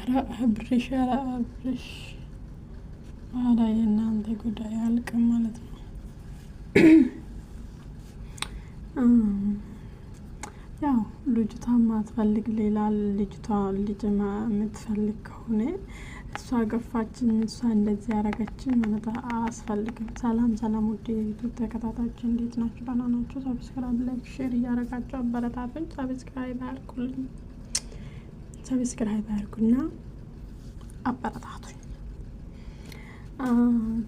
ኧረ አብርሽ ኧረ አብርሽ ኧረ የእናንተ ጉዳይ አልቅም ማለት ነው። ያው ልጅቷ ማትፈልግ ሌላ ልጅቷ ልጅ የምትፈልግ ከሆነ እሷ ገፋችን፣ እሷ እንደዚህ ያደረገችን ማለት አያስፈልግም። ሰላም ሰላም፣ ውድ የዩቱብ ተከታታዮች እንዴት ናችሁ? ደህና ናችሁ? ሰብስክራይብ፣ ላይክ፣ ሼር እያደረጋችሁ አበረታቶች ሰብስክራይብ አያልቁልኝ። ሰብስክራይብ አድርጉና አበረታቱኝ።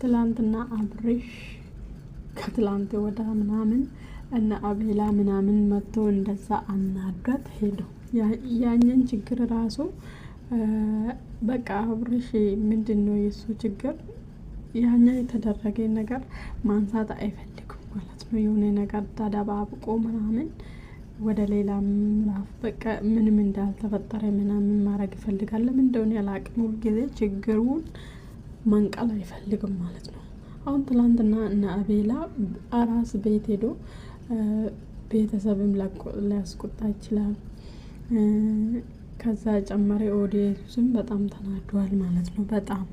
ትላንትና አብሬሽ ከትላንት ወደ ምናምን እነ አቤላ ምናምን መጥቶ እንደዛ አናዷት ሄዱ። ያኛን ችግር ራሱ በቃ አብሬሽ ምንድን ነው የእሱ ችግር? ያኛ የተደረገ ነገር ማንሳት አይፈልግም ማለት ነው። የሆነ ነገር ተደባብቆ ምናምን ወደ ሌላ ምዕራፍ በቃ ምንም እንዳልተፈጠረ ምናምን ማድረግ ይፈልጋል። ለምን እንደሆነ ያላቅም። ጊዜ ችግሩን መንቀል አይፈልግም ማለት ነው። አሁን ትላንትና እነ አቤላ አራስ ቤት ሄዶ ቤተሰብም ሊያስቆጣ ይችላል። ከዛ ጨመሪ ኦዲየንሱም በጣም ተናዷል ማለት ነው። በጣም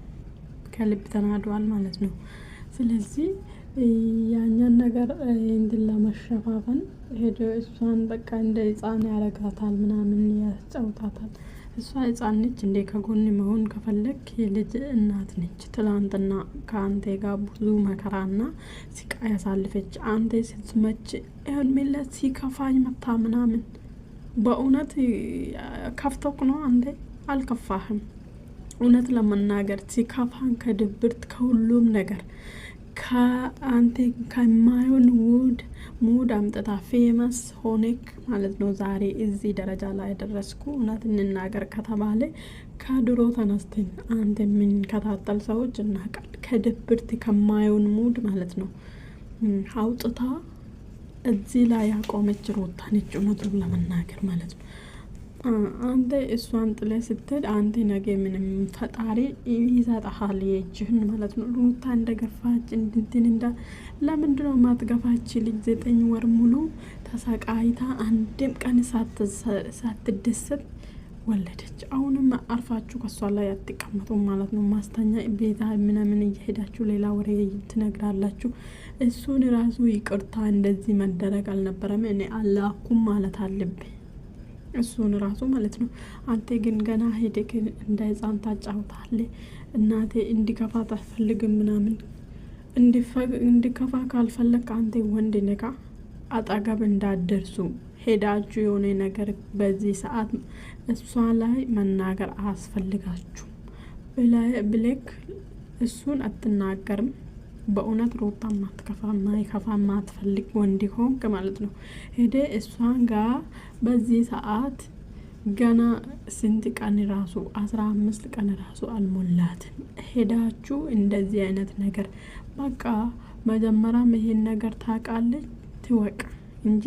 ከልብ ተናዷል ማለት ነው። ስለዚህ ያኛን ነገር እንትን ለመሸፋፈን ሄዶ እሷን በቃ እንደ ሕፃን ያረጋታል ምናምን ያስጫውታታል። እሷ ሕፃን ነች እንዴ? ከጎን መሆን ከፈለግ የልጅ እናት ነች። ትላንትና ከአንተ ጋር ብዙ መከራና ሲቃ ያሳልፈች አንተ ስትመች ይሁን ሚለት ሲከፋኝ መታ ምናምን በእውነት ከፍቶክ ነው አንተ አልከፋህም። እውነት ለመናገር ሲከፋን ከድብርት ከሁሉም ነገር ከአንተ ከማይሆን ውድ ሙድ አምጥታ ፌመስ ሆኔክ ማለት ነው። ዛሬ እዚህ ደረጃ ላይ ደረስኩ። እውነት እንናገር ከተባለ ከድሮ ተነስተን አንተ የምንከታተል ሰዎች እናቃል። ከድብርት ከማይሆን ሙድ ማለት ነው አውጥታ እዚህ ላይ ያቆመች ሩታ ነች። እውነቱን ለመናገር ማለት ነው። አንተ እሷን ጥለ ስትሄድ አንተ ነገ ምንም ፈጣሪ ይሰጥሃል የእጅህን ማለት ነው። ሩታ እንደገፋች እንድንትን እንዳ ለምንድን ነው ማትገፋች? ልጅ ዘጠኝ ወር ሙሉ ተሰቃይታ አንድም ቀን ሳትደሰት ወለደች። አሁንም አርፋችሁ ከሷ ላይ አትቀመጡ ማለት ነው። ማስተኛ ቤታ ምናምን እየሄዳችሁ ሌላ ወሬ ትነግራላችሁ። እሱን ራሱ ይቅርታ እንደዚህ መደረግ አልነበረም። እኔ አላኩም ማለት አለብኝ እሱን ራሱ ማለት ነው። አንተ ግን ገና ሄደክ እንደ ህፃን ታጫውታለ። እናቴ እንዲከፋት አትፈልግም ምናምን እንዲከፋ ካልፈለግ አንተ ወንድ ነካ አጠገብ እንዳደርሱ ሄዳችሁ የሆነ ነገር በዚህ ሰዓት እሷ ላይ መናገር አያስፈልጋችሁም ብለክ እሱን አትናገርም። በእውነት ሮታ ማትከፋ ማይከፋ ማትፈልግ ወንድ ሆንክ ማለት ነው። ሄደ እሷን ጋ በዚህ ሰዓት ገና ስንት ቀን ራሱ አስራ አምስት ቀን ራሱ አልሞላትም። ሄዳችሁ እንደዚህ አይነት ነገር በቃ መጀመሪያም ይሄን ነገር ታውቃለች ትወቅ እንጂ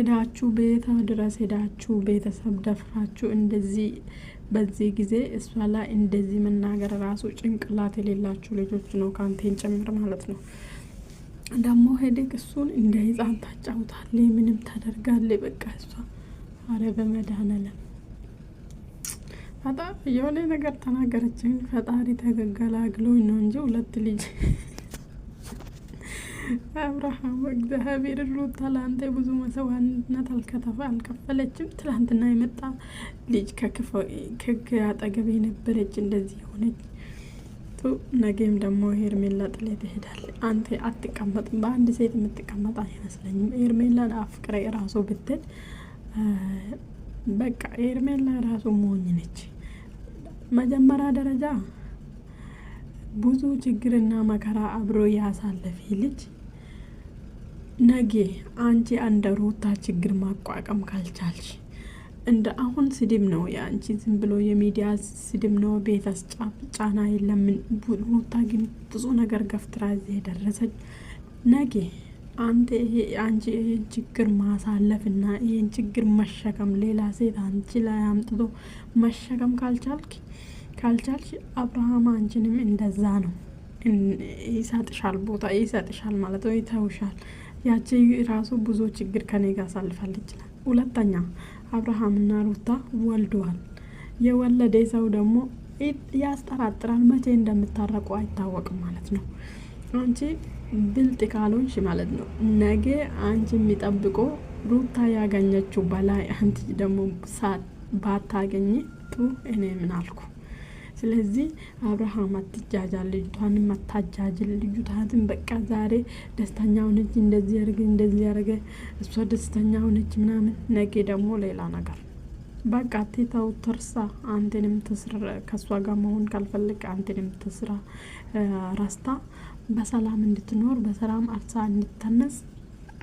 ሄዳችሁ ቤታ ድረስ ሄዳችሁ ቤተሰብ ደፍራችሁ እንደዚህ በዚህ ጊዜ እሷ ላይ እንደዚህ መናገር ራሱ ጭንቅላት የሌላችሁ ልጆች ነው፣ ካንቴን ጭምር ማለት ነው። ደግሞ ሄደክ እሱን እንደ ህፃን ታጫውታለ፣ ምንም ታደርጋለ። በቃ እሷ አረ በመድኃኒዓለም የሆነ ነገር ተናገረችን። ፈጣሪ ተገገላግሎኝ ነው እንጂ ሁለት ልጅ አብርሃም እግዚአብሔር ሩታ ለአንተ ብዙ መስዋዕትነት አልከተፈ አልከፈለችም። ትላንትና የመጣ ልጅ ክግ አጠገብ የነበረች እንደዚህ የሆነች ነገም ደግሞ ሄርሜላ ጥሌ ትሄዳል። አንተ አትቀመጥም። በአንድ ሴት የምትቀመጥ አይመስለኝም። ሄርሜላን አፍቅረ ራሱ ብትል በቃ ሄርሜላ ራሱ ሞኝ ነች። መጀመሪያ ደረጃ ብዙ ችግርና መከራ አብሮ ያሳለፈ ልጅ ነጌ አንቺ እንደ ሩታ ችግር ማቋቋም ካልቻልሽ እንደ አሁን ስድብ ነው የአንቺ ዝም ብሎ የሚዲያ ስድብ ነው። ቤት ጫና የለምን ሩታ ግን ብዙ ነገር ገፍትራ እዚህ የደረሰች ነጌ አንተ ይሄ አንቺ ይህን ችግር ማሳለፍና ይህን ችግር መሸከም ሌላ ሴት አንቺ ላይ አምጥቶ መሸከም ካልቻልክ ካልቻልሽ አብርሃም አንቺንም እንደዛ ነው ይሰጥሻል፣ ቦታ ይሰጥሻል ማለት ነው፣ ይተውሻል። ያቺ ራሱ ብዙ ችግር ከኔ ጋር አሳልፋለች ይችላል። ሁለተኛ አብርሃምና ሩታ ወልደዋል። የወለደ ሰው ደግሞ ያስጠራጥራል። መቼ እንደምታረቁ አይታወቅም ማለት ነው። አንቺ ብልጥ ካልሆንሽ ማለት ነው ነገ አንቺ የሚጠብቆ ሩታ ያገኘችው በላይ አንቺ ደግሞ ባታገኝ ጥሩ። እኔ ምን አልኩ? ስለዚህ አብርሃም አትጃጃል፣ ልጅቷንም አታጃጅል። ልጅቷትን በቃ ዛሬ ደስተኛ ሆነች፣ እንደዚህ ያደርገ እንደዚህ ያደርገ እሷ ደስተኛ ሆነች ምናምን፣ ነገ ደግሞ ሌላ ነገር በቃ ቴታው ትርሳ። አንተንም ትስራ፣ ከእሷ ጋር መሆን ካልፈልግ አንተንም ትስራ። ረስታ በሰላም እንድትኖር በሰላም አርሳ እንድተነስ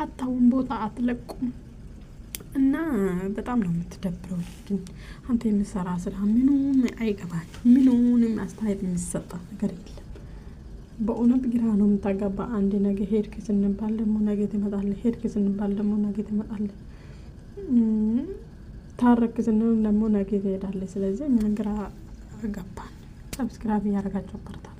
አታውን ቦታ አትለቁም። እና በጣም ነው የምትደብረው። ግን አንተ የምሰራ ስራ ምንም አይገባል። ምንም አስተያየት የሚሰጣ ነገር የለም። በእውነት ግራ ነው የምታጋባ። አንድ ነገ ሄድክ ስንባል ደግሞ ነገ ትመጣለ፣ ሄድክ ስንባል ደግሞ ነገ ትመጣለ፣ ታረክ ስንል ደግሞ ነገ ትሄዳለ። ስለዚህ እኛ ግራ ገባን። ሰብስክራይብ እያደረጋችሁ በርታ።